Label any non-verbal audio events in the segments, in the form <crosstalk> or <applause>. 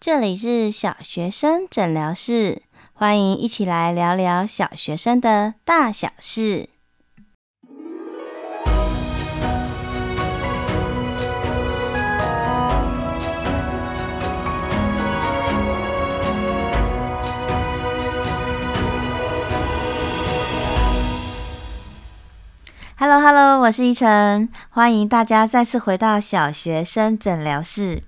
這裡是小學生診聊室，歡迎一起來聊聊小學生的大小事。Hello，Hello， <music> hello，我是依晨，歡迎大家再次回到小學生診聊室。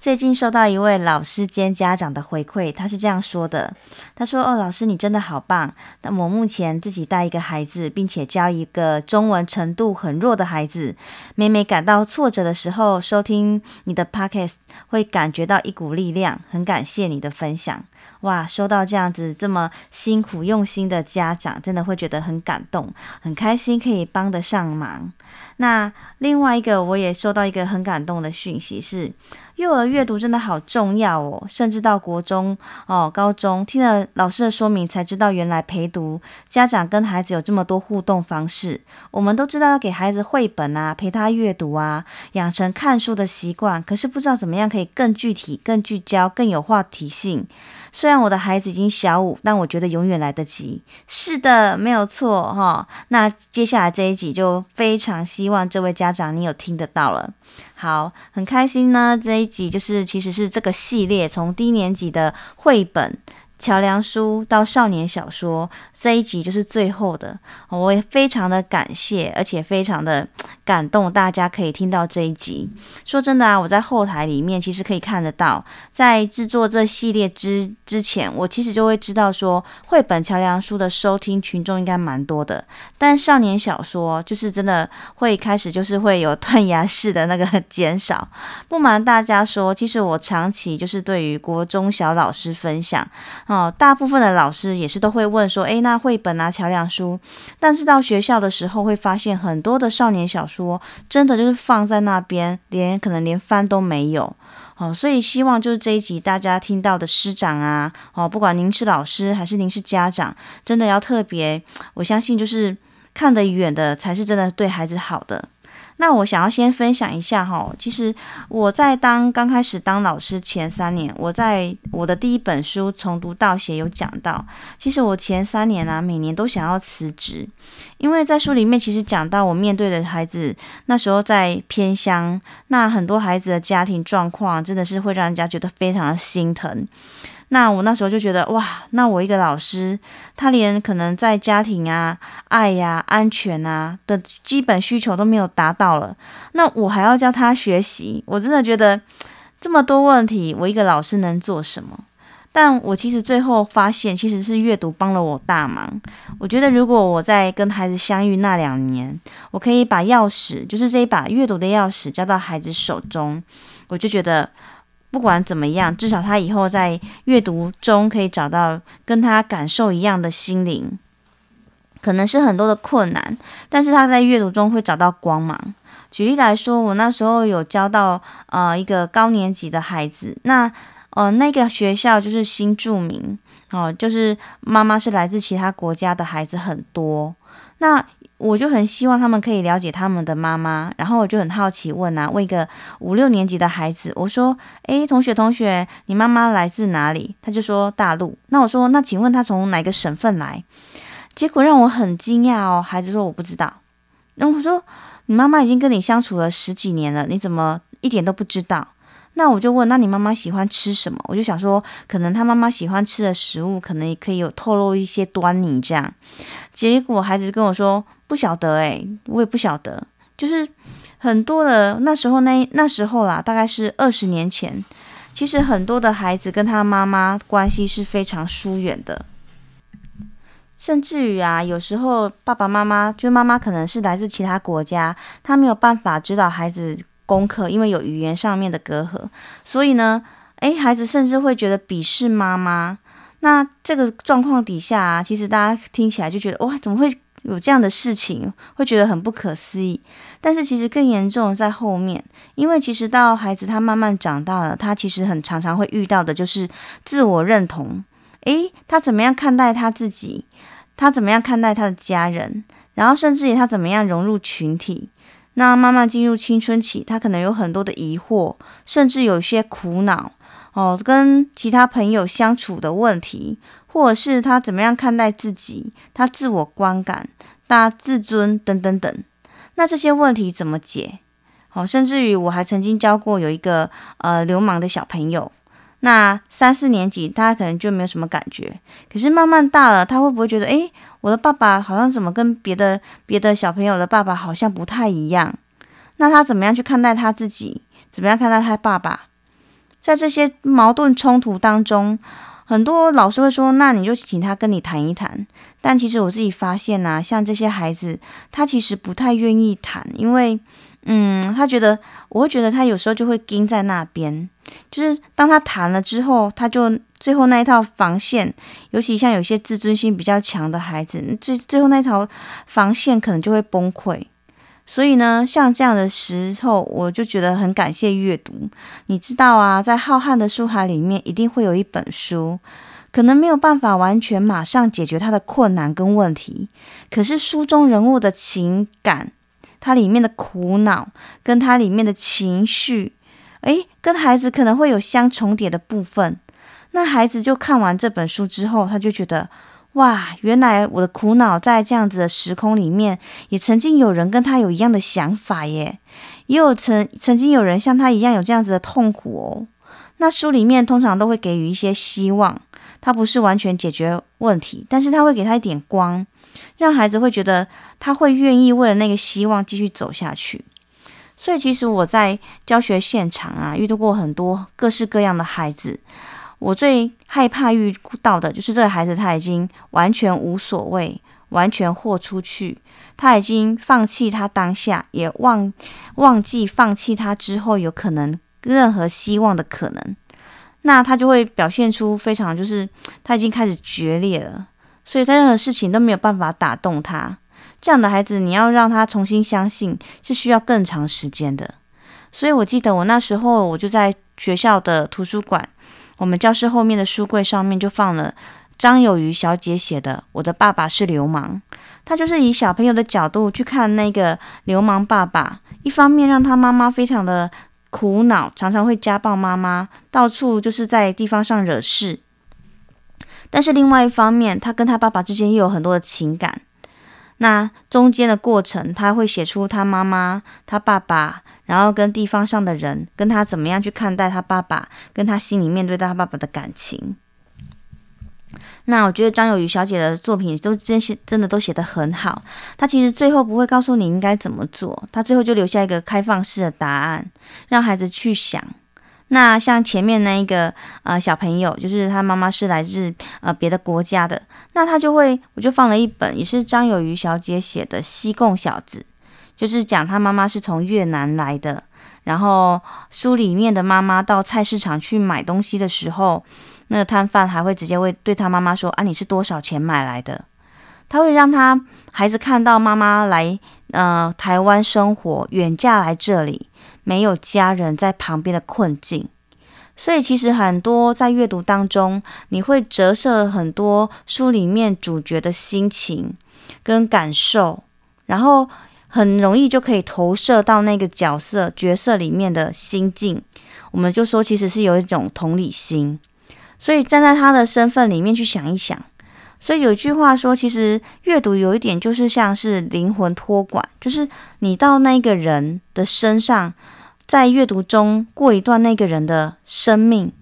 最近收到一位老師兼家長的回饋，他是這樣說的：“他說，哦，老師你真的好棒，那我目前自己帶一個孩子，並且教一個中文程度很弱的孩子，每每感到挫折的時候，收聽你的 podcast 會感覺到一股力量，很感謝你的分享。”哇，收到這樣子這麼辛苦用心的家長，真的會覺得很感動，很開心可以幫得上忙。那另外一個我也收到一個很感動的訊息是，幼兒閱讀真的好重要哦，甚至到國中、哦、高中，聽了老師的說明，才知道原來陪讀家長跟孩子有這麼多互動方式。我們都知道要給孩子繪本啊，陪他閱讀啊，養成看書的習慣，可是不知道怎麼樣可以更具體、更聚焦、更有話題性。雖然我的孩子已經小五，但我覺得永遠來得及。是的，沒有錯哈、哦。那接下來這一集就非常希望這位家長你有聽得到了。好，很開心呢。這一集就是，其實是這個系列從低年級的繪本，橋梁書到少年小說，這一集就是最後的，我也非常的感謝，而且非常的感動，大家可以聽到這一集。說真的啊，我在後台裡面其實可以看得到，在製作這系列之之前，我其實就會知道說，繪本橋梁書的收聽群眾應該蠻多的，但少年小說就是真的會開始就是會有斷崖式的那個減少。不瞞大家說，其實我長期就是對於國中小老師分享，哦，大部分的老師也是都會問說，誒、欸，那繪本啊、橋梁書，但是到學校的時候會發現很多的少年小說，真的就是放在那邊，連可能連翻都沒有。哦，所以希望就是這一集大家聽到的師長啊，哦，不管您是老師還是您是家長，真的要特別，我相信就是看得遠的才是真的對孩子好的。那我想要先分享一下哈，其實我在當剛開始當老師前三年，我在我的第一本書從讀到寫有講到，其實我前三年啊，每年都想要辭職，因為在書裡面其實講到我面對的孩子那時候在偏鄉，那很多孩子的家庭狀況真的是會讓人家覺得非常的心疼。那我那時候就覺得哇，那我一個老師，他連可能在家庭啊、愛呀、啊、安全啊的基本需求都沒有達到了，那我還要教他學習，我真的覺得這麼多問題，我一個老師能做什麼？但我其實最後發現，其實是閱讀幫了我大忙。我覺得如果我在跟孩子相遇那兩年，我可以把鑰匙，就是這一把閱讀的鑰匙，交到孩子手中，我就覺得。不管怎麼樣，至少他以後在閱讀中可以找到跟他感受一樣的心靈，可能是很多的困難，但是他在閱讀中會找到光芒。舉例來說，我那時候有教到呃一個高年級的孩子，那呃那個學校就是新住民哦、呃，就是媽媽是來自其他國家的孩子很多，那。我就很希望他們可以了解他們的媽媽，然後我就很好奇問啊，問一個五六年級的孩子，我說：“誒，同學，同學，你媽媽來自哪裡？”他就說：“大陸。”那我說：“那請問她從哪個省份來？”結果讓我很驚訝哦，孩子說：“我不知道。”然後我說：“你媽媽已經跟你相處了十幾年了，你怎麼一點都不知道？”那我就問：“那你媽媽喜歡吃什麼？”我就想說，可能她媽媽喜歡吃的食物，可能也可以有透露一些端倪這樣。結果孩子跟我說。不曉得哎，我也不曉得。就是很多的那時候那，那那時候啦，大概是二十年前。其實很多的孩子跟他媽媽關係是非常疏遠的，甚至於啊，有時候爸爸媽媽，就媽媽可能是來自其他國家，他沒有辦法指導孩子功課，因為有語言上面的隔閡，所以呢，哎，孩子甚至會覺得鄙視媽媽。那這個狀況底下啊，其實大家聽起來就覺得哇，怎麼會？有這樣的事情，會覺得很不可思議，但是其實更嚴重的在後面，因為其實到孩子他慢慢長大了，他其實很常常會遇到的就是自我認同，誒，他怎麼樣看待他自己？他怎麼樣看待他的家人？然後甚至於他怎麼樣融入群體？那慢慢進入青春期，他可能有很多的疑惑，甚至有一些苦惱。哦，跟其他朋友相處的問題，或者是他怎麼樣看待自己，他自我觀感、他自尊等等等，那這些問題怎麼解？哦，甚至於我還曾經教過有一個呃流氓的小朋友，那三四年級他可能就沒有什麼感覺，可是慢慢大了，他會不會覺得，誒、欸，我的爸爸好像怎麼跟別的別的小朋友的爸爸好像不太一樣？那他怎麼樣去看待他自己？怎麼樣看待他爸爸？在這些矛盾衝突當中，很多老師會說：“那你就請他跟你談一談。”但其實我自己發現呢、啊，像這些孩子，他其實不太願意談，因為，嗯，他覺得我會覺得他有時候就會盯在那邊，就是當他談了之後，他就最後那一套防線，尤其像有些自尊心比較強的孩子，最最後那條防線可能就會崩潰。所以呢，像這樣的時候，我就覺得很感謝閱讀。你知道啊，在浩瀚的書海裡面，一定會有一本書，可能沒有辦法完全馬上解決他的困難跟問題。可是書中人物的情感，它裡面的苦惱，跟它裡面的情緒，哎，跟孩子可能會有相重疊的部分。那孩子就看完這本書之後，他就覺得。哇，原來我的苦惱在這樣子的時空裡面，也曾經有人跟他有一樣的想法耶，也有曾曾經有人像他一樣有這樣子的痛苦哦。那書裡面通常都會給予一些希望，他不是完全解決問題，但是他會給他一點光，讓孩子會覺得他會願意為了那個希望繼續走下去。所以其實我在教學現場啊，遇到過很多各式各樣的孩子。我最害怕遇到的就是這個孩子，他已經完全無所謂，完全豁出去，他已經放棄他當下，也忘忘記放棄他之後有可能任何希望的可能。那他就會表現出非常，就是他已經開始決裂了，所以他任何事情都沒有辦法打動他。這樣的孩子，你要讓他重新相信，是需要更長時間的。所以我記得我那時候，我就在學校的圖書館，我們教室後面的書櫃上面就放了張友漁小姐寫的《我的爸爸是流氓》，她就是以小朋友的角度去看那個流氓爸爸，一方面讓他媽媽非常的苦惱，常常會家暴媽媽，到處就是在地方上惹事；但是另外一方面，他跟他爸爸之間又有很多的情感，那中間的過程，他會寫出他媽媽、他爸爸。然後跟地方上的人，跟他怎麼樣去看待他爸爸，跟他心裡面對待他爸爸的感情。那我覺得張友漁小姐的作品都真是真的都寫得很好。她其實最後不會告訴你應該怎麼做，她最後就留下一個開放式的答案，讓孩子去想。那像前面那一個呃小朋友，就是他媽媽是來自呃別的國家的，那他就會我就放了一本也是張友漁小姐寫的《西貢小子》。就是講他媽媽是從越南來的，然後書裡面的媽媽到菜市場去買東西的時候，那個攤販還會直接會對他媽媽說：“啊，你是多少錢買來的？”他會讓他孩子看到媽媽來呃台灣生活，遠嫁來這裡，沒有家人在旁邊的困境。所以其實很多在閱讀當中，你會折射很多書裡面主角的心情跟感受，然後。很容易就可以投射到那個角色、角色裡面的心境，我們就說其實是有一種同理心，所以站在他的身份裡面去想一想。所以有一句話說，其實閱讀有一點就是像是靈魂託管，就是你到那個人的身上，在閱讀中過一段那個人的生命。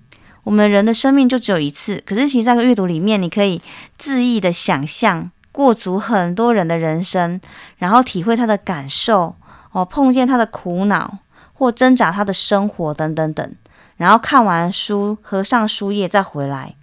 我們人的生命就只有一次，可是其實在這個閱讀裡面，你可以恣意的想象過足很多人的人生，然後體會他的感受哦，碰見他的苦惱或掙扎，他的生活等等等，然後看完書合上書頁再回來。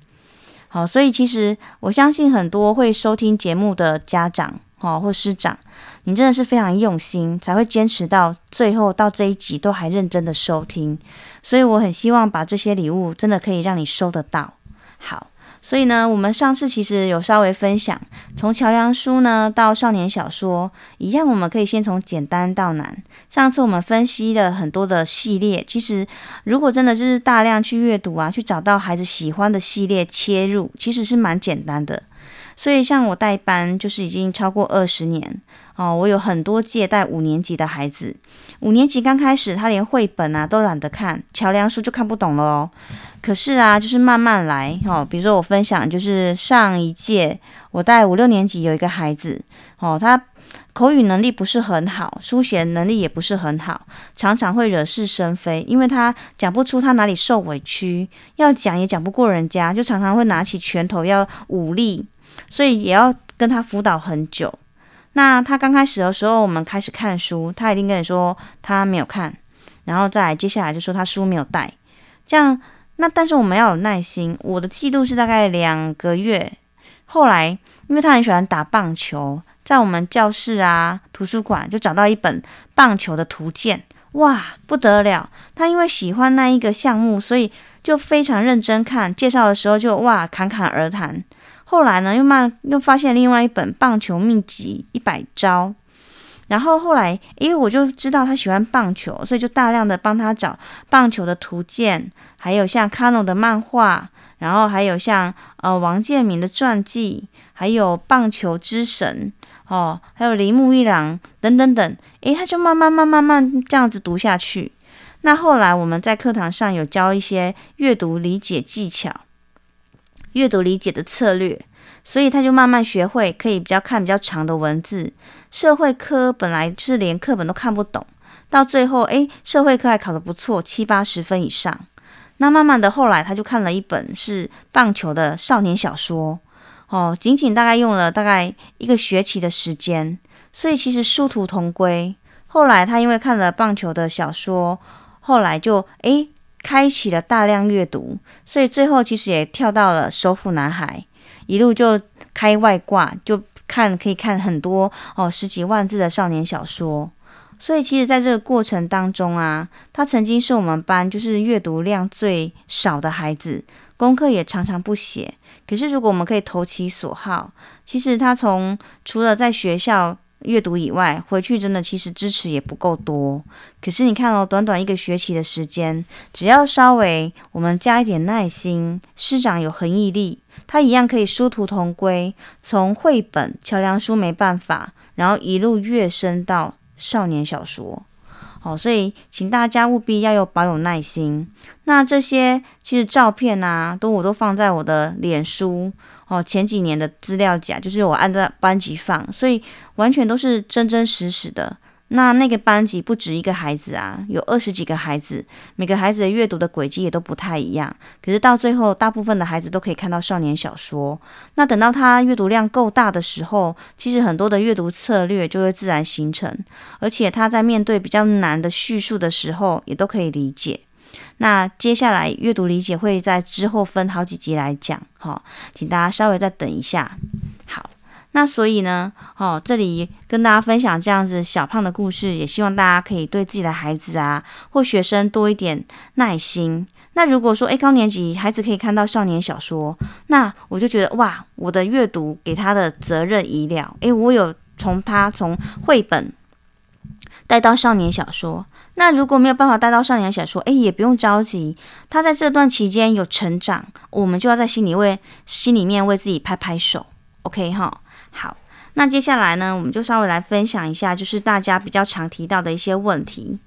好，哦，所以其實我相信很多會收聽節目的家長哦或師長，你真的是非常用心才會堅持到最後，到這一集都還認真的收聽，所以我很希望把這些禮物真的可以讓你收得到。好。所以呢，我們上次其實有稍微分享，從橋梁書呢到少年小說，一樣我們可以先從簡單到難。上次我們分析了很多的系列，其實如果真的就是大量去閱讀啊，去找到孩子喜歡的系列切入，其實是蠻簡單的。所以，像我帶班就是已經超過二十年哦。我有很多屆帶五年級的孩子，五年級剛開始，他連繪本啊都懶得看，橋梁書就看不懂了哦。可是啊，就是慢慢來哦。比如說我分享，就是上一屆我帶五六年級有一個孩子哦，他口語能力不是很好，書寫能力也不是很好，常常會惹是生非，因為他講不出他哪裡受委屈，要講也講不過人家，就常常會拿起拳頭要武力。所以也要跟他輔導很久。那他剛開始的時候，我們開始看書，他一定跟你說他沒有看，然後再接下來就說他書沒有帶，這樣。那但是我們要有耐心。我的記錄是大概兩個月。後來，因為他很喜歡打棒球，在我們教室啊、圖書館就找到一本棒球的圖鑑，哇，不得了！他因為喜歡那一個項目，所以就非常認真看介紹的時候就，就哇，侃侃而談。後來呢，又慢又發現另外一本《棒球祕籍一百招》，然後後來，因為我就知道他喜歡棒球，所以就大量的幫他找棒球的圖鑑，還有像 Kano 的漫畫，然後還有像呃王建民的傳記，還有棒球之神哦，還有鈴木一朗等等等，誒，他就慢慢慢慢慢慢這樣子讀下去。那後來我們在課堂上有教一些閱讀理解技巧。閱讀理解的策略，所以他就慢慢學會可以比較看比較長的文字。社會科本來是連課本都看不懂，到最後誒，社會科還考得不錯，七八十分以上。那慢慢的後來，他就看了一本是棒球的少年小說，哦，僅僅大概用了大概一個學期的時間。所以其實殊途同歸。後來他因為看了棒球的小說，後來就誒。開啟了大量閱讀，所以最後其實也跳到了《首府男孩》，一路就開外掛，就看可以看很多哦十幾萬字的少年小說。所以其實在這個過程當中啊，他曾經是我們班就是閱讀量最少的孩子，功課也常常不寫。可是如果我們可以投其所好，其實他從除了在學校。閱讀以外，回去真的其實支持也不夠多。可是你看哦，短短一個學期的時間，只要稍微我們加一點耐心，師長有恆毅力，他一樣可以殊途同歸，從繪本、橋梁書沒辦法，然後一路躍升到少年小說。好，所以請大家務必要有保有耐心。那這些其實照片啊，都我都放在我的臉書。哦，前幾年的資料夾就是我按照班級放，所以完全都是真真實實的。那那個班級不止一個孩子啊，有二十幾個孩子，每個孩子的閱讀的軌跡也都不太一樣。可是，到最後，大部分的孩子都可以看到少年小說。那等到他閱讀量夠大的時候，其實很多的閱讀策略就會自然形成，而且他在面對比較難的敘述的時候，也都可以理解。那接下來閱讀理解會在之後分好幾集來講，哈、哦，請大家稍微再等一下。好，那所以呢，哦，這裡跟大家分享這樣子小胖的故事，也希望大家可以對自己的孩子啊或學生多一點耐心。那如果說，誒，高年級孩子可以看到少年小說，那我就覺得哇，我的閱讀給他的責任已了。誒，我有從他從繪本。帶到少年小說，那如果沒有辦法帶到少年小說，哎，也不用着急。他在這段期間有成長，我們就要在心裡為，心裡面為自己拍拍手。OK 哈，好。那接下來呢，我們就稍微來分享一下，就是大家比較常提到的一些問題。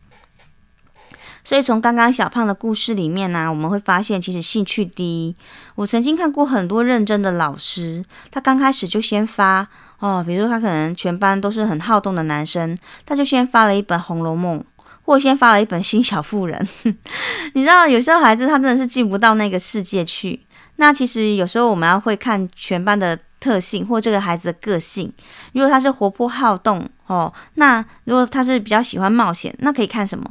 所以從剛剛小胖的故事裡面呢、啊，我們會發現，其實興趣第一。我曾經看過很多認真的老師，他剛開始就先發哦，比如說他可能全班都是很好動的男生，他就先發了一本《紅樓夢》，或先發了一本《新小婦人》。 <laughs> 你知道，有時候孩子他真的是進不到那個世界去。那其實有時候我們要會看全班的特性，或這個孩子的個性。如果他是活潑好動哦，那如果他是比較喜歡冒險，那可以看什麼？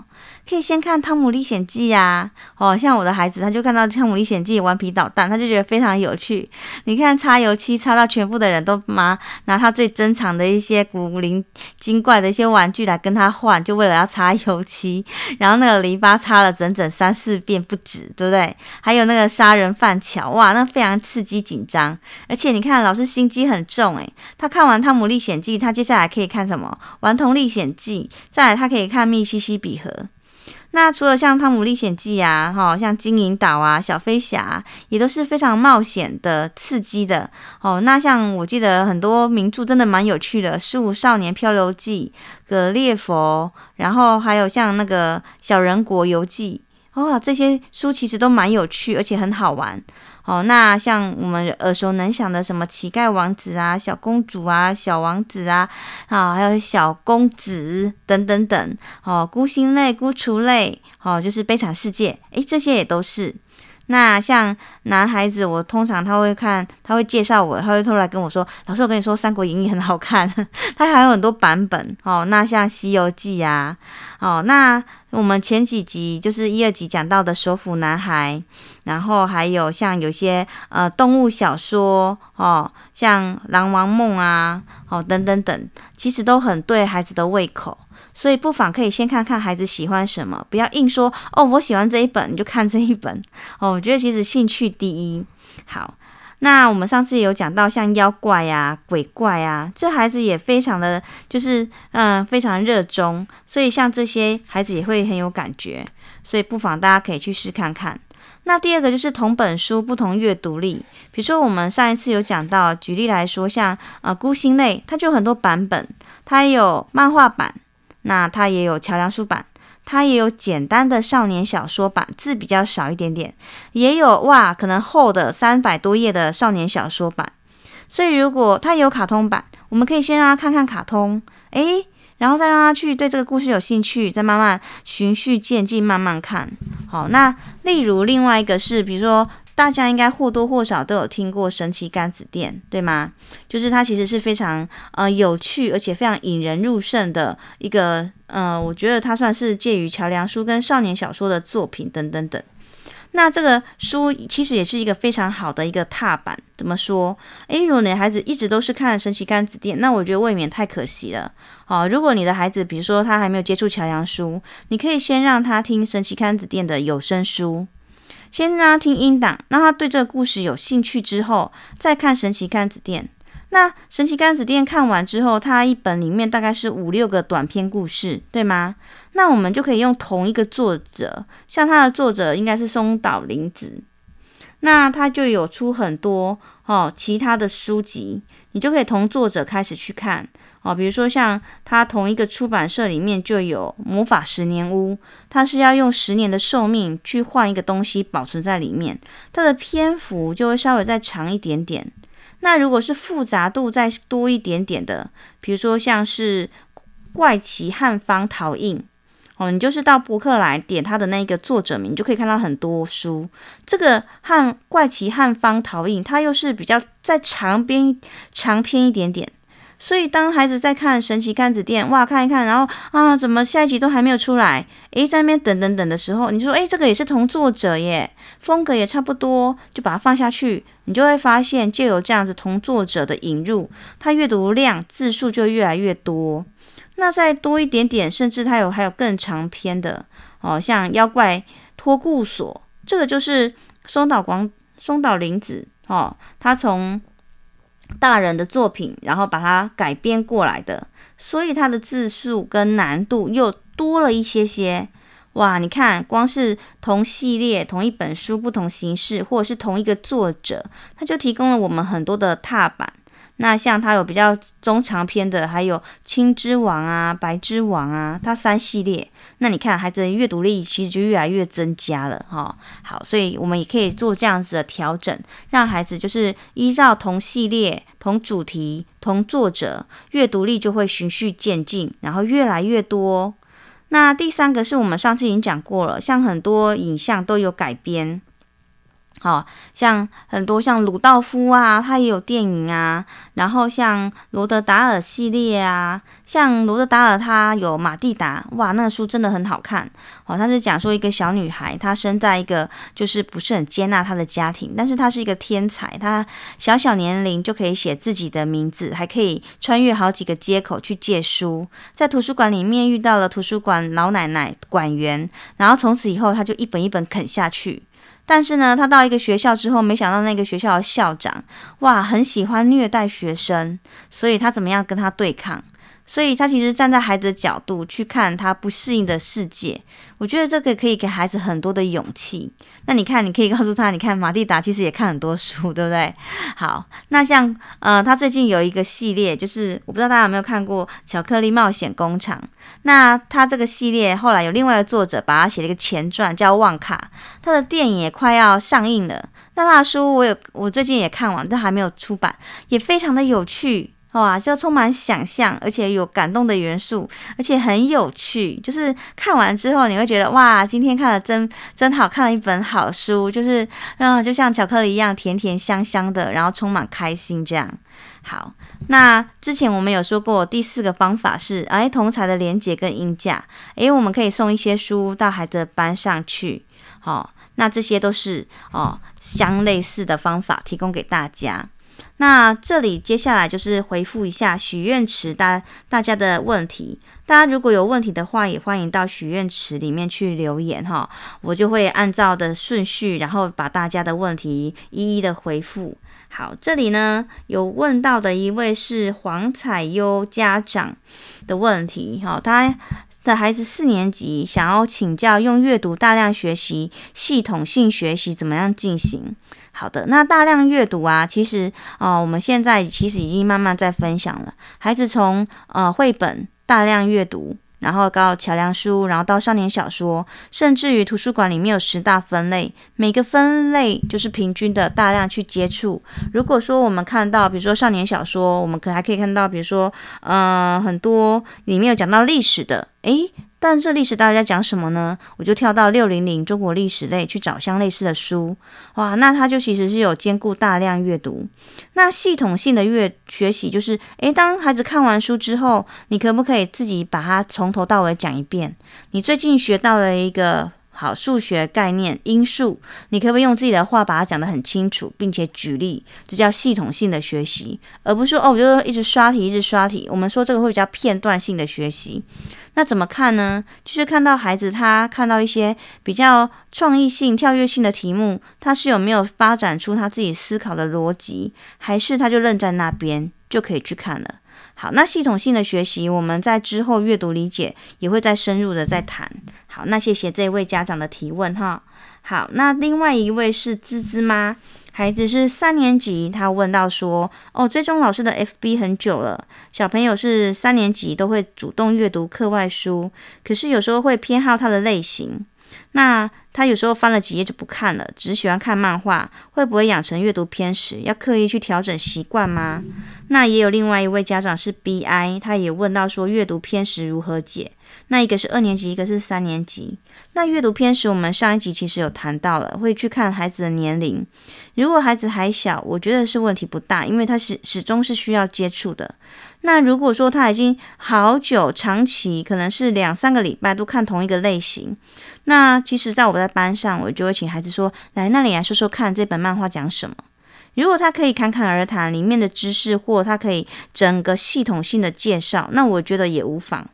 可以先看《湯姆歷險記》呀，哦，像我的孩子，他就看到《湯姆歷險記》，頑皮搗蛋，他就覺得非常有趣。你看，擦油漆擦到全部的人都拿拿他最珍藏的一些古靈精怪的一些玩具來跟他換，就為了要擦油漆。然後那個籬笆擦了整整三四遍不止，對不對？還有那個殺人犯橋，哇，那非常刺激緊張。而且你看，老師心機很重，欸，誒，他看完《湯姆歷險記》，他接下來可以看什麼？《頑童歷險記》，再來他可以看《密西西比河》。那除了像《湯姆歷險記》啊，哈，像《金銀島》啊，《小飛俠》也都是非常冒險的、刺激的。哦，那像我記得很多名著真的蠻有趣的，《十五少年漂流記》、《格列佛》，然後還有像那個《小人國遊記》。哦，這些書其實都蠻有趣，而且很好玩。哦，那像我們耳熟能詳的什麼乞丐王子啊、小公主啊、小王子啊，啊、哦，還有小公子等等等，哦，孤星淚、孤雛淚，哦，就是悲慘世界，誒，這些也都是。那像男孩子，我通常他會看，他會介紹我，他會突然跟我說：“老師，我跟你說，《三國演義》很好看，他還有很多版本哦。”那像《西遊記》啊，哦，那我們前幾集就是一二集講到的《首府男孩》，然後還有像有些呃動物小說哦，像《狼王夢》啊，哦等等等，其實都很對孩子的胃口。所以不妨可以先看看孩子喜歡什麼，不要硬說哦，我喜歡這一本，你就看這一本哦。我覺得其實興趣第一。好，那我們上次有講到像妖怪啊、鬼怪啊，這孩子也非常的，就是嗯，非常熱衷。所以像這些孩子也會很有感覺。所以不妨大家可以去試看看。那第二個就是同本書不同閱讀力，比如說我們上一次有講到，舉例來說，像呃《孤星淚》，它就有很多版本，它有漫畫版。那它也有橋梁書版，它也有簡單的少年小說版，字比較少一點點，也有哇，可能厚的三百多頁的少年小說版。所以如果他有卡通版，我們可以先讓他看看卡通，誒、欸，然後再讓他去對這個故事有興趣，再慢慢循序漸進，慢慢看。好，那例如另外一個是，比如說。大家應該或多或少都有聽過《神奇柑仔店》，對嗎？就是它其實是非常呃有趣，而且非常引人入勝的一個呃，我覺得它算是介於橋梁書跟少年小說的作品等等等。那這個書其實也是一個非常好的一個踏板。怎麼說？誒，如果你的孩子一直都是看《神奇柑仔店》，那我覺得未免太可惜了。好、哦，如果你的孩子，比如說他還沒有接觸橋梁書，你可以先讓他聽《神奇柑仔店》的有聲書。先讓他聽音檔，那他對這個故事有興趣之後，再看《神奇柑仔店》。那《神奇柑仔店》看完之後，它，一本裡面大概是五六個短篇故事，對嗎？那我們就可以用同一個作者，像他的作者應該是松島玲子，那他就有出很多哦其他的書籍，你就可以從作者開始去看。哦，比如說像他同一個出版社裡面就有《魔法十年屋》，它是要用十年的壽命去換一個東西保存在裡面，它的篇幅就會稍微再長一點點。那如果是複雜度再多一點點的，比如說像是《怪奇漢方陶印》，哦，你就是到博客來點他的那個作者名，你就可以看到很多書。這個漢《怪奇漢方陶印》它又是比較再長邊長篇一點點。所以，當孩子在看《神奇柑仔店》哇，看一看，然後啊，怎麼下一集都還沒有出來？誒，在那邊等等等的時候，你說，誒，這個也是同作者耶，風格也差不多，就把它放下去，你就會發現就有這樣子同作者的引入，他閱讀量字數就越來越多。那再多一點點，甚至他有還有更長篇的哦，像《妖怪托顧所》，這個就是松島廣、松嶋玲子哦，他從。大人的作品，然後把它改編過來的，所以它的字數跟難度又多了一些些。哇，你看，光是同系列、同一本書、不同形式，或者是同一個作者，它就提供了我們很多的踏板。那像他有比較中長篇的，還有《青之王》啊，《白之王》啊，他三系列。那你看，孩子閱讀力其實就越來越增加了哈。好，所以我們也可以做這樣子的調整，讓孩子就是依照同系列、同主題、同作者，閱讀力就會循序漸進，然後越來越多。那第三個是我們上次已經講過了，像很多影像都有改編。哦，像很多像魯道夫啊，他也有電影啊，然後像羅德達爾系列啊，像羅德達爾他有馬蒂達，哇，那個書真的很好看。哦，他是講說一個小女孩，她生在一個就是不是很接納她的家庭，但是她是一個天才，她小小年齡就可以寫自己的名字，還可以穿越好幾個街口去借書，在圖書館裡面遇到了圖書館老奶奶館員，然後從此以後她就一本一本啃下去。但是呢，他到一個學校之後，沒想到那個學校的校長，哇，很喜歡虐待學生，所以他怎麼樣跟他對抗？所以他其實站在孩子的角度去看他不適應的世界，我覺得這個可以給孩子很多的勇氣。那你看，你可以告訴他，你看馬蒂達其實也看很多書，對不對？好，那像呃，他最近有一個系列，就是我不知道大家有沒有看過《巧克力冒險工廠》。那他這個系列後來有另外一個作者把他寫了一個前傳，叫《旺卡》，他的電影也快要上映了。那他的書我有，我最近也看完，但還沒有出版，也非常的有趣。哇，就充滿想象，而且有感動的元素，而且很有趣，就是看完之後你會覺得哇，今天看了真真好看一本好書，就是嗯，就像巧克力一樣，甜甜香香的，然後充滿開心這樣。好，那之前我們有說過，第四個方法是哎、啊，同儕的聯結跟音價，因、欸、為我們可以送一些書到孩子的班上去。好、哦，那這些都是哦，相類似的方法提供給大家。那這裡接下來就是回復一下許願池大，大家的問題，大家如果有問題的話，也歡迎到許願池裡面去留言哈，我就會按照的順序，然後把大家的問題一一的回復。好，這裡呢有問到的一位是黃彩優家長的問題，哈，他的孩子四年級，想要請教用閱讀大量學習、系統性學習怎麼樣進行？好的，那大量閱讀啊，其實啊，呃，我們現在其實已經慢慢在分享了。孩子從呃繪本大量閱讀。然後到橋梁書，然後到少年小說，甚至於圖書館裡面有十大分類，每個分類就是平均的大量去接觸。如果說我們看到，比如說少年小說，我們可還可以看到，比如說，嗯、呃，很多裡面有講到歷史的，誒。但這歷史到底在講什麼呢？我就跳到六零零中國歷史類去找相類似的書，哇，那它就其實是有兼顧大量閱讀，那系統性的閱學習就是，誒，當孩子看完書之後，你可不可以自己把它從頭到尾講一遍？你最近學到了一個。好數學概念，因數，你可不可以用自己的話把它講得很清楚，並且舉例？這叫系統性的學習，而不是說哦，我就一直刷題，一直刷題。我們說這個會比較片段性的學習。那怎麼看呢？就是看到孩子他看到一些比較創意性、跳躍性的題目，他是有沒有發展出他自己思考的邏輯，還是他就愣在那邊就可以去看了？好，那系統性的學習，我們在之後閱讀理解也會再深入的再談。好，那謝謝這一位家長的提問哈。好，那另外一位是滋滋媽，孩子是三年級，他問到說，哦，追蹤老師的 FB 很久了，小朋友是三年級都會主動閱讀課外書，可是有時候會偏好他的類型。那他有時候翻了幾頁就不看了，只喜歡看漫畫，會不會養成閱讀偏食？要刻意去調整習慣嗎？那也有另外一位家長是 BI，他也問到說閱讀偏食如何解？那一個是二年級，一個是三年級。那閱讀偏食，我們上一集其實有談到了，會去看孩子的年齡。如果孩子還小，我覺得是問題不大，因為他始始終是需要接觸的。那如果說他已經好久、長期，可能是兩三個禮拜都看同一個類型，那其實在我在班上，我就會請孩子說：“來，那你來說說看，這本漫畫講什麼？”如果他可以侃侃而談裡面的知識，或他可以整個系統性的介紹，那我覺得也無妨。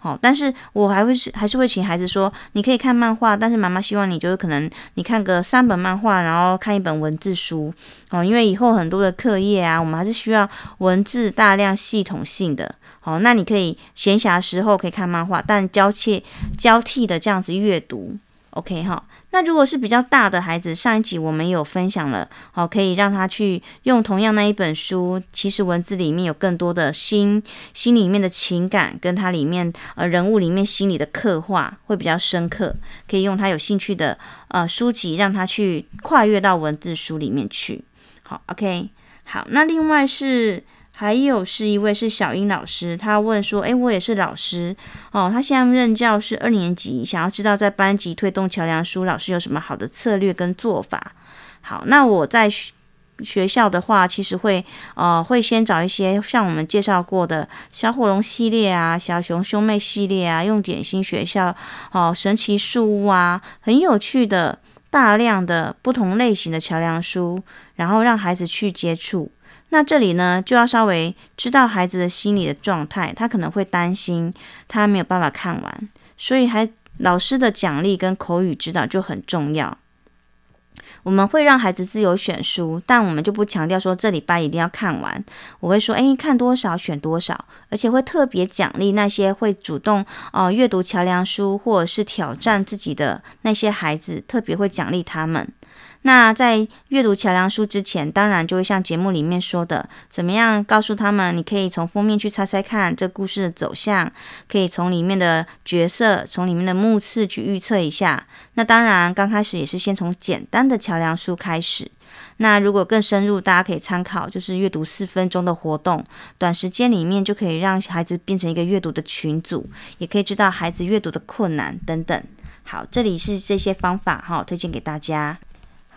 好，但是我還會是還是會請孩子說，你可以看漫畫，但是媽媽希望你就是可能你看個三本漫畫，然後看一本文字書，哦，因為以後很多的課業啊，我們還是需要文字大量系統性的。好，那你可以閒暇的時候可以看漫畫，但交替交替的這樣子閱讀，OK 哈。那如果是比較大的孩子，上一集我們有分享了，好，可以讓他去用同樣那一本書。其實文字裡面有更多的心心裡面的情感，跟他裡面呃人物裡面心理的刻畫會比較深刻。可以用他有興趣的呃書籍，讓他去跨越到文字書裡面去。好，OK，好，那另外是。還有是一位是小英老師，他問說：“誒，我也是老師哦，他現在任教是二年級，想要知道在班級推動橋梁書，老師有什麼好的策略跟做法？好，那我在學校的話，其實會呃會先找一些像我們介紹過的小火龍系列啊、小熊兄妹系列啊、用點心學校哦、神奇樹屋啊,很有趣的大量的不同類型的橋梁書，然後讓孩子去接觸。”那這裡呢，就要稍微知道孩子的心理的狀態，他可能會擔心他沒有辦法看完，所以還老師的獎勵跟口語指導就很重要。我們會讓孩子自由選書，但我們就不強調說這禮拜一定要看完。我會說，哎，看多少選多少，而且會特別獎勵那些會主動哦、呃、閱讀橋梁書或者是挑戰自己的那些孩子，特別會獎勵他們。那在閱讀橋梁書之前，當然就會像節目裡面說的，怎麼樣告訴他們？你可以從封面去猜猜看這故事的走向，可以從裡面的角色、從裡面的目次去預測一下。那當然，剛開始也是先從簡單的橋梁書開始。那如果更深入，大家可以參考，就是閱讀四分鐘的活動，短時間裡面就可以讓孩子變成一個閱讀的群組，也可以知道孩子閱讀的困難等等。好，這裡是這些方法哈、哦，推薦給大家。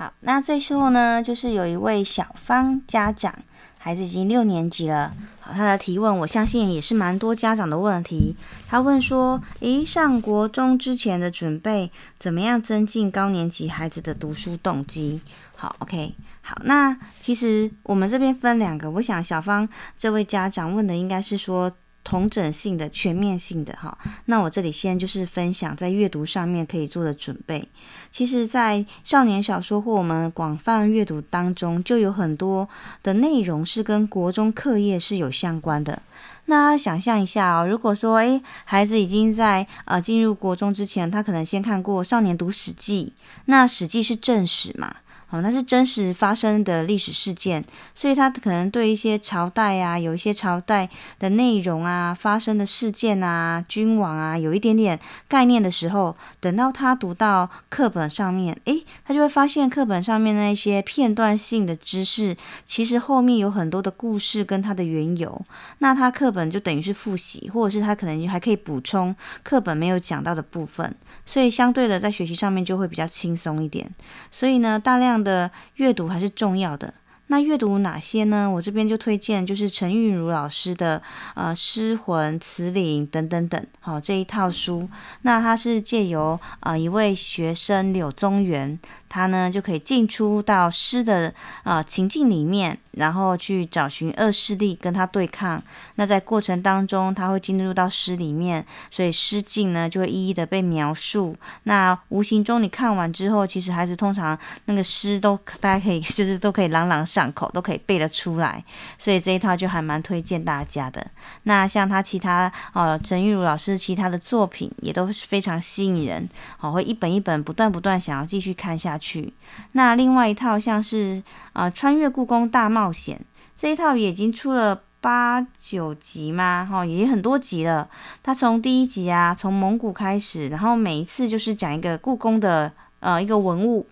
好，那最後呢，就是有一位小芳家長，孩子已經六年級了。好，他的提問，我相信也是蠻多家長的問題。他問說：“咦，上國中之前的準備，怎麼樣增進高年級孩子的讀書動機？”好，OK。好，那其實我們這邊分兩個，我想小芳這位家長問的應該是說。統整性的、全面性的哈，那我這裡先就是分享在閱讀上面可以做的準備。其實，在少年小說或我們廣泛閱讀當中，就有很多的內容是跟國中課業是有相關的。那想象一下啊、哦，如果說誒孩子已經在啊、呃、進入國中之前，他可能先看過少年讀《史記》，那《史記》是正史嘛？哦、嗯，那是真實發生的歷史事件，所以他可能對一些朝代啊，有一些朝代的內容啊，發生的事件啊，君王啊，有一點點概念的時候，等到他讀到課本上面，誒，他就會發現課本上面那些片段性的知識，其實後面有很多的故事跟它的緣由。那他課本就等於是復習，或者是他可能還可以補充課本沒有講到的部分，所以相對的在學習上面就會比較輕鬆一點。所以呢，大量。的閱讀還是重要的。那閱讀哪些呢？我這邊就推薦就是陳郁如老師的、呃、《詩魂》《詞靈》等等等，好、哦、這一套書。那它是借由啊、呃、一位學生柳宗元。他呢，就可以進出到詩的啊、呃、情境裡面，然後去找尋惡勢力跟他對抗。那在過程當中，他會進入到詩裡面，所以詩境呢就會一一的被描述。那無形中你看完之後，其實孩子通常那個詩都大家可以就是都可以朗朗上口，都可以背得出來。所以這一套就還蠻推薦大家的。那像他其他呃陳玉如老師其他的作品也都是非常吸引人，好，會一本一本不斷不斷想要繼續看下去，去，那另外一套像是啊、呃，穿越故宮大冒險這一套也已經出了八九集嘛，哈、哦，已經很多集了。它從第一集啊，從蒙古開始，然後每一次就是講一個故宮的呃一個文物，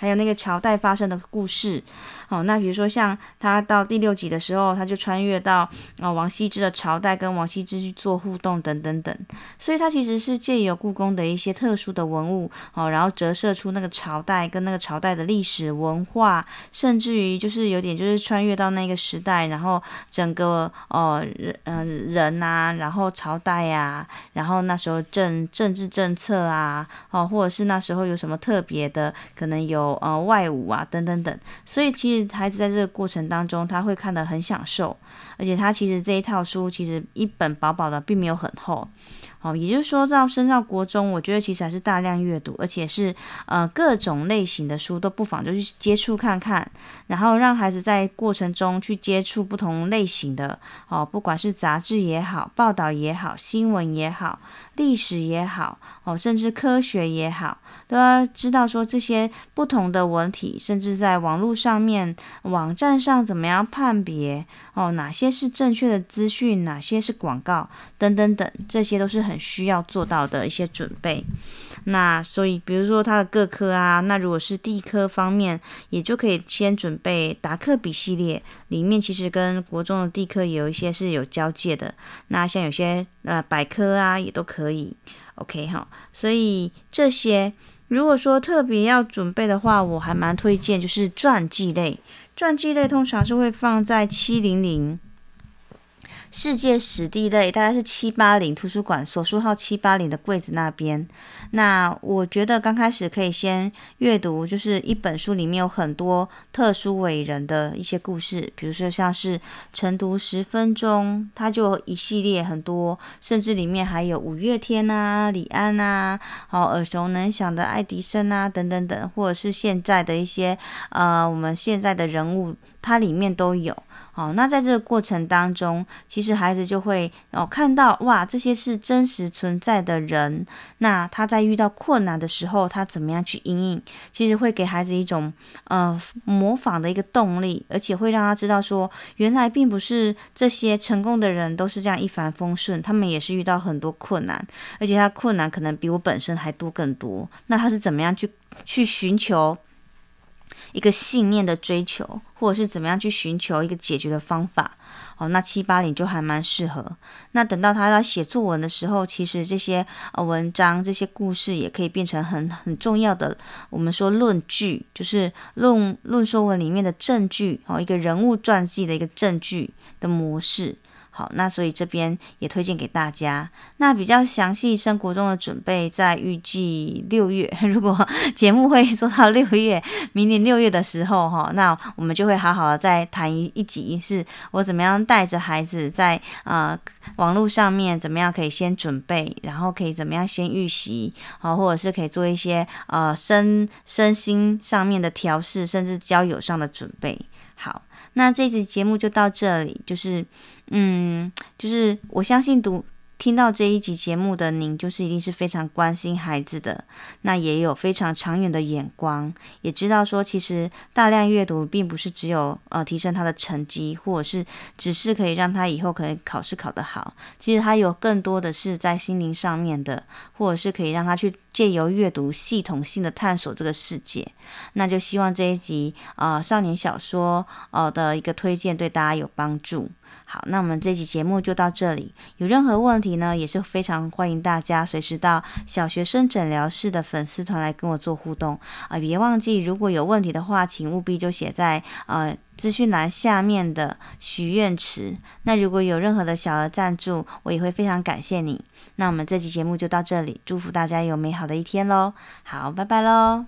還有那個朝代發生的故事，哦，那比如說像他到第六集的時候，他就穿越到啊王羲之的朝代，跟王羲之去做互動等等等，所以他其實是借由故宮的一些特殊的文物，哦，然後折射出那個朝代跟那個朝代的歷史文化，甚至於就是有點就是穿越到那個時代，然後整個哦，嗯人吶、啊，然後朝代呀、啊，然後那時候政政治政策啊，哦，或者是那時候有什麼特別的，可能有。呃，外舞啊，等等等，所以其實孩子在這個過程當中，他會看得很享受。而且他其實這一套書其實一本薄薄的，並沒有很厚，哦，也就是說到升到國中，我覺得其實還是大量閱讀，而且是呃各種類型的書都不妨就去接觸看看，然後讓孩子在過程中去接觸不同類型的哦，不管是雜誌也好，報道也好，新聞也好，歷史也好，哦，甚至科學也好，都要知道說這些不同的文體，甚至在網絡上面網站上怎麼樣判別哦，哪些是正確的資訊，哪些是廣告等等等，這些都是很需要做到的一些準備。那所以，比如說它的各科啊，那如果是地科方面，也就可以先準備達克比系列，裡面其實跟國中的地科有一些是有交界的。那像有些呃百科啊，也都可以。OK 哈，所以這些如果說特別要準備的話，我還蠻推薦就是傳記類，傳記類通常是會放在七零零。世界史地類大概是七八零圖書館，索書號七八零的櫃子那邊。那我覺得剛開始可以先閱讀，就是一本書裡面有很多特殊偉人的一些故事，比如說像是晨讀十分鐘，它就一系列很多，甚至裡面還有五月天啊、李安啊，好耳熟能詳的愛迪生啊等等等，或者是現在的一些呃我們現在的人物。它裡面都有，好，那在這個過程當中，其實孩子就會哦看到哇，這些是真實存在的人，那他在遇到困難的時候，他怎麼樣去因應？其實會給孩子一種呃模仿的一個動力，而且會讓他知道說，原來並不是這些成功的人都是這樣一帆風順，他們也是遇到很多困難，而且他困難可能比我本身還多更多，那他是怎麼樣去去尋求？一個信念的追求，或者是怎麼樣去尋求一個解決的方法，哦，那七八年就還蠻適合。那等到他要寫作文的時候，其實這些呃文章、這些故事也可以變成很很重要的，我們說論據，就是論論說文裡面的證據哦，一個人物傳記的一個證據的模式。好，那所以這邊也推薦給大家。那比較詳細升國中的準備，在預計六月，如果節目會做到六月，明年六月的時候哈，那我們就會好好的再談一一集，是我怎麼樣帶着孩子在啊、呃、網絡上面怎麼樣可以先準備，然後可以怎麼樣先預習，好，或者是可以做一些呃身身心上面的調適，甚至交友上的準備。好。.那這次節目就到這裡，就是，嗯，就是我相信讀。聽到這一集節目的您，就是一定是非常關心孩子的，那也有非常長遠的眼光，也知道說，其實大量閱讀並不是只有呃提升他的成績，或者是只是可以讓他以後可以考試考得好，其實他有更多的是在心靈上面的，或者是可以讓他去借由閱讀系統性的探索這個世界。那就希望這一集啊，呃，少年小說呃的一個推薦對大家有幫助。好，那我們這期節目就到這裡。有任何問題呢，也是非常歡迎大家隨時到小學生診聊室的粉絲團來跟我做互動啊。呃，別忘記，如果有問題的話，請務必就寫在呃資訊欄下面的許願池。那如果有任何的小額贊助，我也會非常感謝你。那我們這期節目就到這裡，祝福大家有美好的一天嘍！好，拜拜嘍。